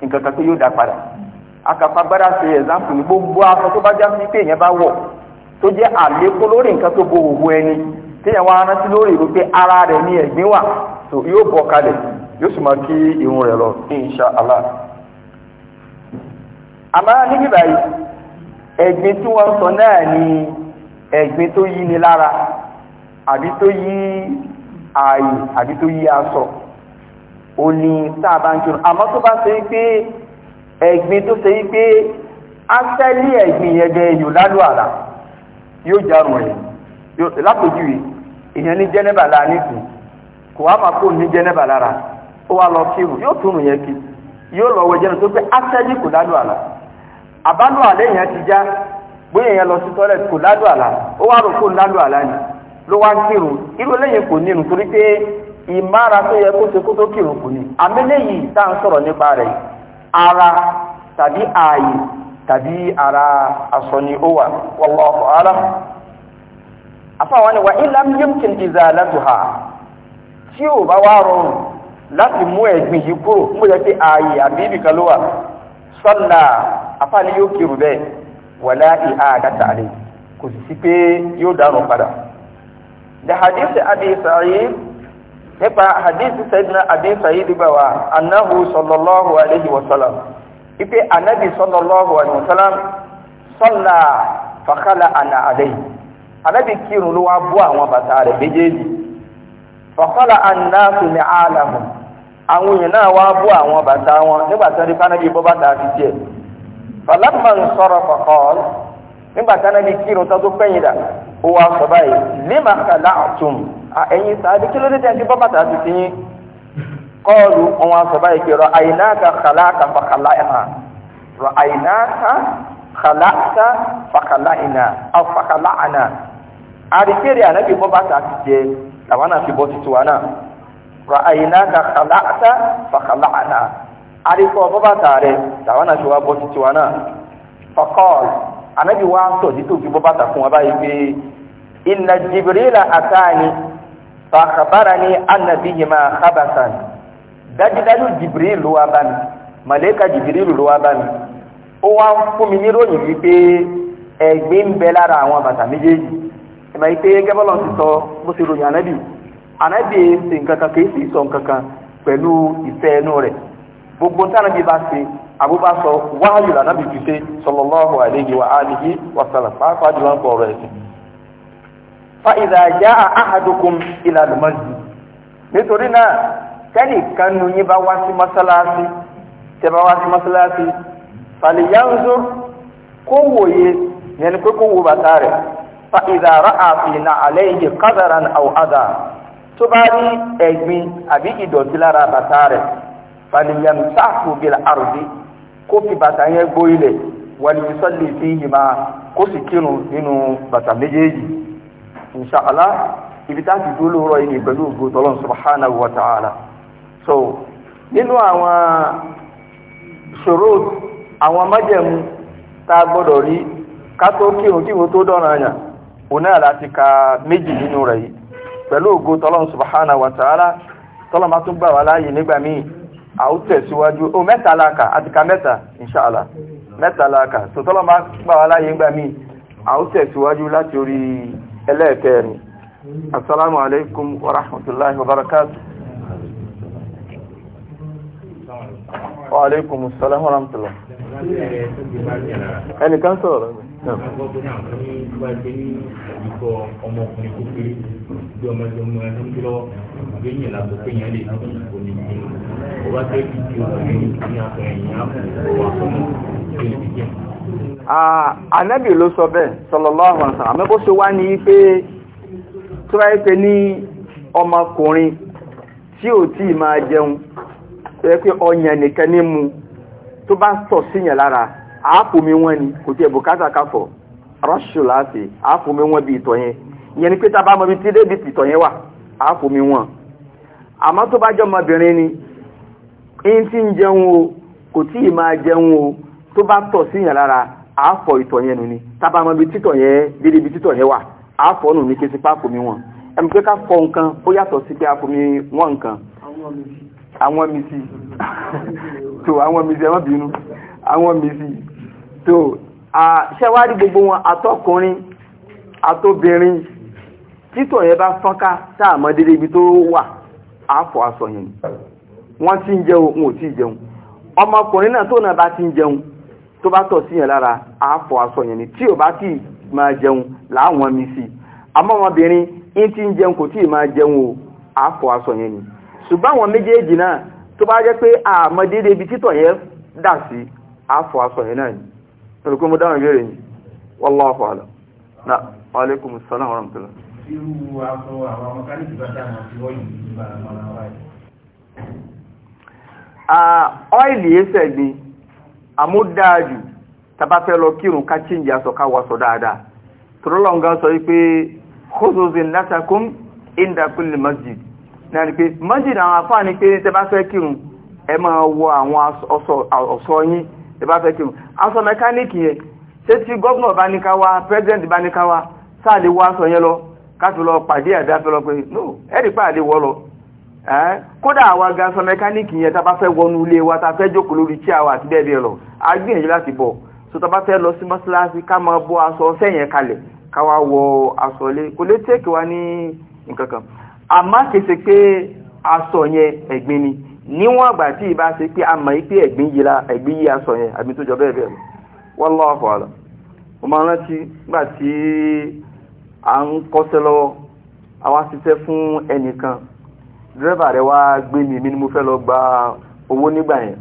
nǹkan kan tó yóò dá padà akàfà agbádá ṣe ẹ̀záǹpù ní gbogbo aṣọ tó bá já sí pé èèyàn bá wọ̀ tó jẹ́ àlékún lórí nǹkan tó bo òwò ẹni téèyàn wá rántí lórí ìlú pé ara rẹ̀ ní ẹ̀gbín wà tó yóò bọ̀ kalẹ̀ yóò sì máa kí irun lọ ẹ̀gbin tí wọ́n sọ náà ni ẹ̀gbin tó yí ni lára àbí tó yí ààyè àbí tó yí aṣọ o ní tá ń kírun àmọ́ tó bá ṣe pé ẹ̀gbin tó ṣe pé ẹ̀gbin lálù àlà yóò jarun rẹ̀ lápòjúwe èèyàn ní jẹ́nẹ́bà lára kò wá máa lọ wọ jẹ́nu tó pé kò lálù àlà. àbánú àlẹ́ yẹn ti já bóyá yẹn lọ sí tọ́lẹ̀tì kò ládùn àlá ó wá rò kó ládùn àlá ni ló wá ń kírun irú eléyìí kò nírun torí pé ìmára tó yẹ kó ṣe kó tó kírun kò ní àmẹ́lẹ́yìí tá à ń sọ̀rọ̀ nípa rẹ̀ ara tàbí ààyè tàbí ara aṣọ ni ó wà wallahu a'lam àfàwọn ni wà za yimkin ha tí ò bá wá rọrùn láti mú ẹ̀gbìn sọ́nà afáàní yóò kírun bẹ́ẹ̀ wàlá ìhà àdáta àlè kò sì sí pé yóò dárun padà. the hadith abi sa'id nípa hadith sayyidina abi sa'id gbà wá anahu sallallahu alayhi wa sallam ipe anabi sallallahu alayhi wa sallam sọ́nà fàkàlà àná àlè anabi kírun ló wá bú àwọn bàtà rẹ̀ méjèèjì fàkàlà àná sùnì àlàmù àwọn èèyàn náà wá bú àwọn bàtà wọn nígbà tí wọ́n di fanabi bọ́ bàtà àti tiẹ̀ falamma sarafa qala nígbà kírun tó tó pẹ́yìn dà ó wá sọ báyìí lima khala'tum ẹ̀yin sáájú kí ló dé tẹ́ ẹ ti bọ́ bàtà àti tiyín kọ́ọ̀lù wọn wá sọ báyìí pé rọ àyínáka khala'ta fa khala'na rọ àyínáka khala'ta fa khala'na aw fa khala'na àdìkéré anabi bọ́ bàtà àti tiẹ̀ làwọn àti bọ́ tuntun wa náà ra'aynaka khala'ta fa khala'na àríkọ́ bọ́bá tààrẹ tàwọn náà ṣe wá bọ́ títí wa náà faqal anábì wá ń tọ̀ títí òfin bọ́bá tà fún wa báyìí pé inna jibrila atani fa khabarani anna bihima khabasan dájúdájú jibril ló jibril ló wá bá mi ó wá ń fún mi níròyìn wípé ẹ̀gbin ń bẹ lára àwọn bàtà méjèèjì ìmọ̀ ìpé gẹ́bọ́lọ́ ti sọ bó ṣe ròyìn anábì ànábì ṣe nǹkan kan kì í sì sọ nǹkan kan pẹ̀lú ìfẹ́ ẹnu rẹ̀ gbogbo tí ànábì bá ṣe àbúbá sọ wáyù ànábì fi ṣe sallallahu alayhi wa alihi wa sallam pàápàá jùlọ ń pọ̀ ọ̀rọ̀ ẹ̀sìn. fa idha jaa ahadukum ila al-masjid nítorí náà kẹ́nì kan yín bá wá sí mọ́sálásí tẹ́ bá wá sí mọ́sálásí falyanzur kó wòye yẹn ni pé kó wo bàtà rẹ̀ fa idha ra'a fi na'alayhi qadaran aw adha tó bá rí ẹ̀gbin àbí ìdọ̀tí lára bàtà rẹ̀ fàníyàn sáàkù bíi àrùbí kó fi bàtà yẹn gbó ilẹ̀ wàlìyísọ́lì fi ìhìmá kó sì kírun nínú bàtà méjèèjì inṣàlá ibi tá ti lóòrọ̀ yìí pẹ̀lú ògbótọ́lọ́n subhanahu wa ta'ala so nínú àwọn ṣòro àwọn májẹ̀mú tá a gbọ́dọ̀ rí ká tó kírun kírun tó dọ̀ranyàn òun náà láti ka méjì nínú rẹ̀ yìí pẹ̀lú ògo tọ́lọ́n subhana wa ta'ala tọ́lọ́n bá tún gbà wá láàyè nígbà míì a ó tẹ̀síwájú ó mẹ́ta láàkà àti ka mẹ́ta inṣàlá mẹ́ta láàkà so tọ́lọ́n bá gbà wá láàyè nígbà míì a láti orí ẹlẹ́ẹ̀kẹrin ẹnìkan sọ̀rọ̀ àgbọ̀ tó ní àwọn ní wájú ní ìkọ̀ ọmọkùnrin kékeré bí ọmọ ẹgbẹ́ ọmọ ẹgbẹ́ ń lọ ìgbé yẹn làbọ̀ pé yẹn lè ní ìbò ní ìdí ó bá tẹ́ kí ti obìnrin ní àtọ̀yìn yẹn á kò wà fún ìgbé yẹn. Ànábì ló sọ bẹ́ẹ̀ sallallahu alaihi wasallam ṣe wá ní pé tó ní ọmọkùnrin tí ò tí máa jẹun tó pé ọyàn nìkan ní mu tó bá sọ síyàn lára àápòmí wọn ni kò tí ẹ̀ bùkátà láti àápòmí wọn bí ìtọ̀ yẹn ìyẹn ni pé tá a bá mọ ibi tí débi ìtọ̀ yẹn wà àápòmí wọn àmọ́ tó bá jẹ́ ọmọbìnrin ni ń tí ń jẹun o kò tí ì máa jẹun o tó bá tọ̀ sí yàn lára àáfọ̀ ìtọ̀ yẹn nù ni tá a bá mọ ibi títọ̀ yẹn dédé ibi títọ̀ yẹn wà àáfọ̀ nù ní kí n ti páàpòmí wọn ẹ̀mí pé ká fọ nǹkan ó yàtọ̀ sí pé àápòmí wọn nǹkan àwọn mi sí àwọn mi sí ẹ̀wọ̀n bínú àwọn mi sí so ṣẹ́wárí gbogbo wọn atọ́kùnrin atóbìnrin títọ̀ yẹn bá fọ́nká sáàmọ́ bi ibi wa wà àfọ aṣọ yẹn wọ́n ti ń jẹun wọn ò tí jẹun ọmọkùnrin náà tó náà bá ti ń jẹun tó bá tọ̀ sí yẹn lára àfọ aṣọ yẹn ni tí ò bá tí máa jẹun láwọn mi sí àmọ́ ọmọbìnrin ń ti ń jẹun kò tí máa jẹun o àfọ aṣọ yẹn ni ṣùgbọ́n àwọn méjèèjì náà tó bá jẹ́ pé àmọ́ dédé ibi títọ̀ yẹn dà sí àfọ aṣọ náà ni ẹ̀rùkú mú dáhùn wallahu na alaikum salam wa rahmatullah irú aṣọ àwọn mọ́kánìkì bá dáhùn àti ọ́yìn nígbà àwọn aráyé ọ́ìlì ẹsẹ̀ ni àmúdáàjù tàbáfẹ́ lọ kírun ká chíǹjì aṣọ ká wọ́sọ dáadáa tọ́lọ́lọ́ngá sọ wípé khususin latakum inda kulli masjid ni masjid ni ìbá fẹ́ kí o aṣọ mẹkáníìkì yẹn ṣé tí gọ́vnà bá ní ká wá pẹ́sidẹ̀ntì bá ní aṣọ yẹn lọ káfí lọ pàdé àbí no ẹ̀rì pàdé wọ́ lọ kódà àwa ga aṣọ mẹkáníìkì yẹn tá bá fẹ́ wọnú ilé wa tá fẹ́ jókòó lórí tí àwa àti bẹ́ẹ̀ bẹ́ẹ̀ lọ a gbìyànjú láti bọ̀ so tá bá fẹ́ lọ sí mọ́ṣáláṣí ká níwọ̀n àgbà tí ìbá ṣe pé a mọ̀ pé ẹ̀gbín yìí la ẹ̀gbín yìí aṣọ yẹn àbí tó jọ bẹ́ẹ̀ bẹ́ẹ̀ wallahu alam mo máa rántí nígbà tí à ń kọ́ṣẹ́ lọ́wọ́ a wá ṣiṣẹ́ fún ẹnìkan dírẹ́bà rẹ̀ wá gbé mi mi ni mo fẹ́ lọ gba owó nígbà yẹn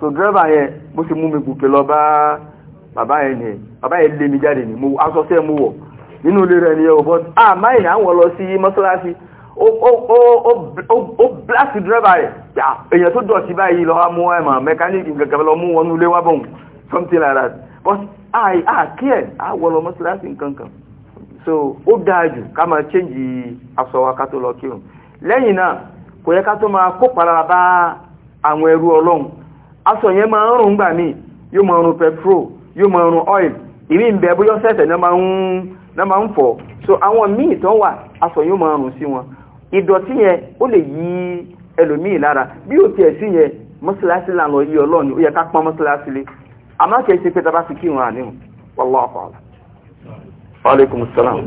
so dírẹ́bà yẹn bó ṣe mú mi gòkè lọ bá bàbá yẹn ni bàbá yẹn lé mi jáde ni mo aṣọ sẹ́ẹ̀ mo wọ̀ nínú ilé rẹ̀ ni ẹ̀ ò bọ́ àmáyìn àwọn lọ sí mọ́ṣáláṣí ó blast driver rẹ̀ ah, èyàn tó o báyìí lọ mú ẹ̀mọ̀ mẹkáníkì gẹ̀gẹ̀ lọ mú wọn lé wábọ̀n something like that but i i care i wọ́n lọ nkankan so ó dáájú ká máa change aṣọ wa ká tó lọ kírun lẹ́yìn náà kò yẹ ká tó máa kó palára bá àwọn ẹrú ọlọ́run aṣọ yẹn máa ń rùn gbà míì yóò máa rùn petrol yóò máa rùn oil ìmí ń bẹ bóyá sẹ́sẹ̀ náà máa ń fọ̀ so àwọn míì tán wà aṣọ yóò máa rùn sí wọn ìdọ̀tí yẹn ó lè yí ẹlòmíì lára bí ó tiẹ̀ sí yẹn mọ́sálásí lànà yí ọlọ́ọ̀ni ó yẹ ká pọ́n mọ́sálásí lé àmọ́ kìí ṣe pé tá a bá fi kírun àníhùn wallahu a'lam. Aleykum salaam.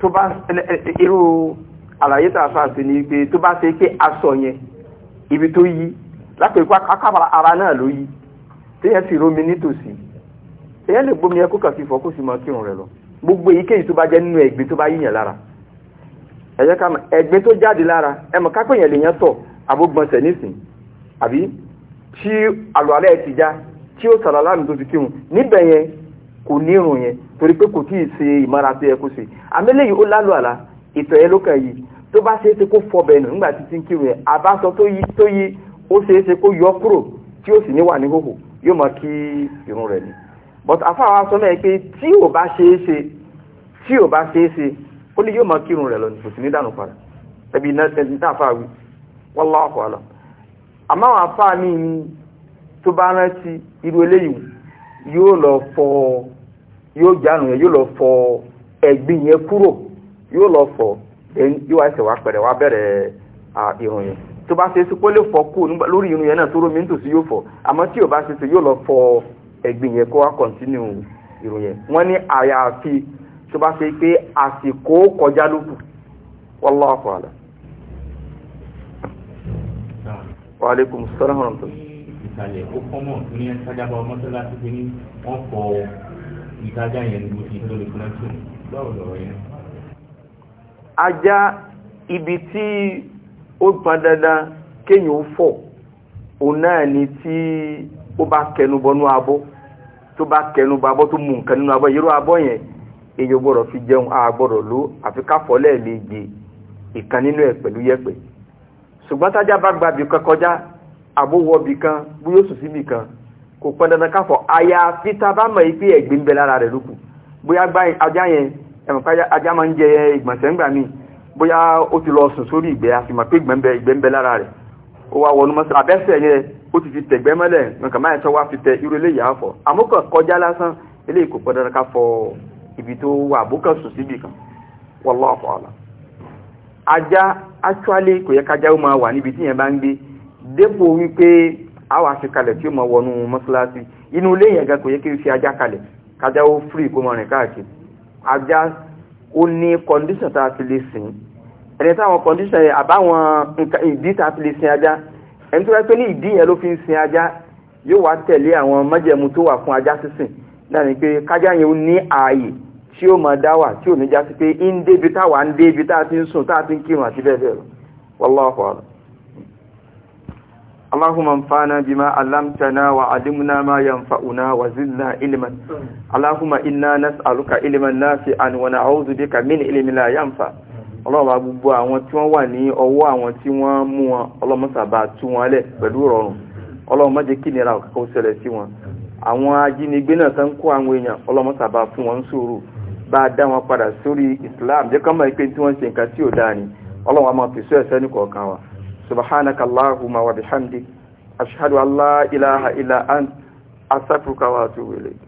Tó bá irú àlàyé tàfà sí ni pé tó bá ṣe pé aṣọ yẹn ibi tó yí lápò ìpá akábàrà ara náà ló yí téèyàn sì rómi nítòsí téèyàn lè gbómi ẹkú kàfi fọ kó sì máa kírun rẹ̀ lọ gbogbo èyíkéyìí tó bá jẹ́ nínú ẹ̀gbin tó bá yíyàn lára ẹ jẹ́ ká mọ̀ ẹ̀gbin tó jáde lára ẹ mọ̀ kápẹ́ yẹn lè yẹn tọ̀ àbógbọnsẹ̀ nísìn àbí tí àlùalẹ́ ti já tí ó sàrà láàrin tó fi kírun níbẹ̀ yẹn kò nírun yẹn torí pé kò tíì ṣe ìmọ̀ra tó yẹ kó ṣe àmẹ́lẹ́yìí ó lálù àlá ìtọ̀ yẹn ló kàn yìí tó bá ṣe ṣe kó fọbẹ̀ nù nígbà tí kírun yẹn àbáṣọ tó yí ó ṣeé ṣe kó yọ kúrò tí ó sì ní wà ní yóò irun ni but afáwa sọ náà pé tí ò bá ṣe tí ò bá ṣe ó ní yóò máa kí irun rẹ̀ lọ ní kò sí ní dànù padà ẹbí iná ẹni tá àfáà wí wallahu alam àmọ́ àwọn afáà ní ní tó bá rántí irú eléyìí yóò lọ fọ yóò jánu yẹn yóò lọ fọ yẹn kúrò yóò lọ fọ yóò wá ṣe wá wá irun yẹn tó bá ṣe é sí pé lè fọ kú lórí irun yẹn náà tó rómi nítòsí yóò fọ àmọ́ tí ò bá ṣe é yóò lọ fọ ẹ̀gbìn yẹn kó wá kọ̀ntínú irun yẹn àyàfi tó bá ṣe pé àsìkò kọjá alaikum salaam wa rahmatullah ìsàlẹ̀ ó kọ́mọ̀ tó ní sájábà mọ́sálásí pé ní wọ́n fọ ìtajà yẹn ní gbòsì lórí fúnẹ́tù yẹn. ajá ibi tí ó pọn dandan kéèyàn ó fọ̀ òun náà ni tí ó bá kẹnubọnú abọ́ tó bá kẹnubọ abọ́ tó mú nǹkan nínú abọ́ yẹ́rọ abọ́ yẹn èyí ò gbọ́dọ̀ fi jẹun a gbọ́dọ̀ ló àfi káfọ́ lẹ́ẹ̀mejì ìkan nínú ẹ̀ pẹ̀lú yẹ̀pẹ̀ ṣùgbọ́n tájá bá gba bì kan kọjá àbówọ́ bì kan bí yóò sùn sí bì kan kò pọn dandan káfọ́ àyàfi tá a bá mọ̀ pé ẹ̀gbin ń lára rẹ̀ lókù bóyá gbá ajá yẹn ẹ̀mọ̀ká ajá máa ń jẹ ìgbọ̀nsẹ̀ ńgbà míì bóyá ó ti lọ sùn sórí ìgbẹ́ a sì mọ̀ pé ìgbẹ́ńbẹ́ ìgbẹ́ńbẹ́ lára rẹ̀ ó wá wọnú mọ́sí abẹ́sẹ̀ yẹn ó ti fi tẹ̀gbẹ́ mọ́lẹ̀ nǹkan máa tọ́ wá fi tẹ irú eléyìí àfọ̀ àmúkàn kọjá lásán eléyìí kò pọ́dọ́rọ́ ká fọ ibi tó wà àbúkàn sùn síbì kan wallahu a'lam ajá actually kò yẹ kájá ó máa wà níbi tí yẹn bá ń gbé dépò wípé àwọn àṣekalẹ̀ tí ó máa wọnú mọ́sálásí inú ilé yẹn gan kò yẹ kí n fi ajá kalẹ̀ kájá ó free kó rìn káàkiri ajá ó ní condition tá a fi lè sìn ẹni táwọn condition yẹn àbáwọn ìdí tá a fi lè sin ajá ẹni tó yẹ pé ní ìdí yẹn ló fi ń sin ajá yóò wá tẹ̀lé àwọn májẹ̀mú tó wà fún ajá sísìn náà ni pé kájá yẹn ó ní ààyè tí ó máa dá wà tí ò ní já sí pé ń débi táwa ń débi tá a ti ń sùn tá a ti ń kírun àti bẹ́ẹ̀ bẹ́ẹ̀ lọ wallahu a'lam. اللهم انفعنا بما علمتنا وعلمنا ما ينفعنا وزدنا علما اللهم إنا نسألك علما نافعا ونعوذ بك من علم لا ينفع ọlọ́run bá gbogbo àwọn tí wọ́n wà ní ọwọ́ àwọn tí wọ́n mú wọn ọlọ́mọ́sàbà tú wọn lẹ̀ pẹ̀lú rọrùn ọlọ́run má jẹ́ kí ìnira kó ṣẹlẹ̀ sí wọn àwọn ajínigbé náà tán kó àwọn èèyàn ọlọ́mọ́sàbà fún wọn sùúrù bá dá wọn padà sórí Islam jẹ́ kọ́ mọ̀ pé tí wọ́n ṣe nǹkan tí ò dáa ni ọlọ́run a máa fi sọ ẹ̀sẹ̀ ní kọ̀ọ̀kan wa subhanaka allahumma ashhadu an ilaha illa ant astaghfiruka wa